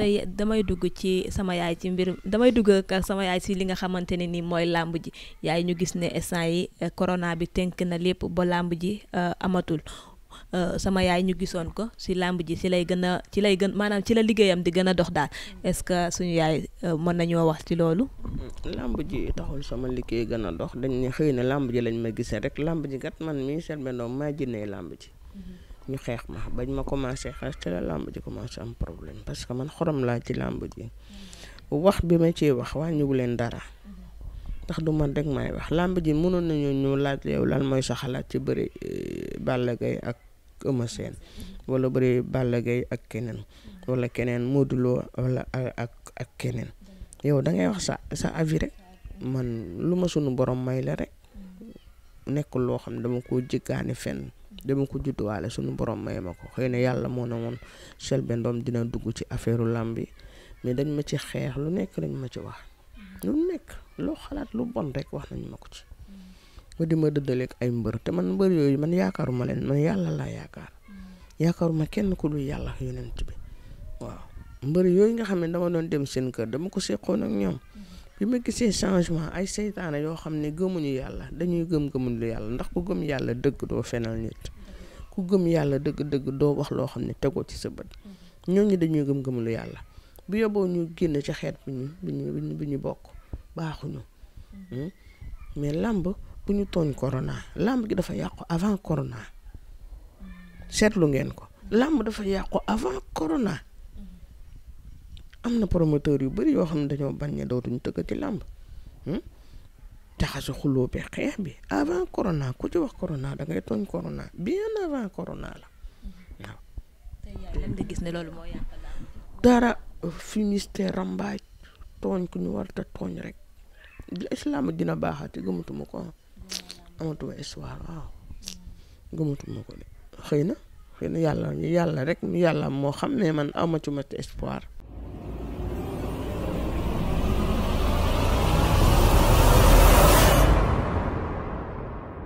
tey damay dugg ci sama yaay ci mbir damay dugg ak sama yaay si li nga xamante ne ni mooy làmb ji yaay ñu gis ne instant yi eh, corona bi tenk na lépp ba làmb ji eh, amatul eh, sama yaay ñu gisoon ko si làmb ji si lay gën a ci lay gën maanaam ci la liggéeyam di gën a dox daal est-ce que suñu yaay mën nañoo wax ci loolu. Mm, làmb ji taxul sama liggéey gën a dox dañu ne xëy na làmb ji lañ ma gisee rek làmb ji gat man mii Selbé Ndom maa jëndee làmb ji. Mm-hmm. ñu xeex ma bañ ma commencé xeex ci la làmb ji commencé am problème parce que man xorom laa ci làmb ji wax bi ma ciy wax wàññiwu leen dara ndax du man rek may wax làmb ji mënoon nañu ñu laaj yow lan mooy sa xalaat ci bëri eh, Balla Gaye ak Eumeu Sène wala bëri Balla Gaye ak keneen wala keneen Modou Lo wala ak ak keneen yow da ngay wax sa sa avis man lu ma sunu borom may la rek. nekkul loo xam ne dama ko jéggaani fenn dama ko judduwaale suñu borom may ma ko xëy na yàlla moo na woon Selbé Ndom dina dugg ci affaire làmb bi mais dañ ma ci xeex lu nekk dañ ma ci wax lu loo xalaat lu bon rek wax nañ ma ko ci nga di ma dëddaleeg ay mbër te man mbër yooyu man yaakaaruma leen man yàlla laa yaakaar yaakaaruma kenn ku du yàlla yonent bi waaw mbër yooyu nga xam ne dama doon dem seen kër dama ko seqoon ak ñoom bi ma gisee changement ay seytaane yoo xam ne gëmuñu yàlla dañuy gëm gëmuñu lu yàlla ndax ku gëm yàlla dëgg doo fenal nit ku gëm yàlla dëgg-dëgg doo wax loo xam ne tegoo ci sa bët mm-hmm. ñooñu dañuy gëm gëm lu yàlla bu yóbboo ñu génn ci xeet bu ñu bi ñu bokk baaxuñu mm-hmm. hmm? mais làmb bu ñu tooñ corona làmb gi dafa yàqu avant corona mm-hmm. seetlu ngeen ko làmb dafa yàqu avant corona am na promoteur yu bari yoo xam ne dañoo bañ ne dootuñu tëggati làmb hmm? jaxase xuloo bi xeex bi avant corona ku ci wax corona dangay ngay tooñ corona bien avant corona la mhm. waaw. tey lan dara fumiste rambaaj tooñ ku ñu war a tooñ rek làmb dina baaxaati gëmatuma ko amatuma histoire waaw gëmatuma ko de xëy na xëy na yàlla yàlla rek yàlla moo xam ne man amatuma espoir.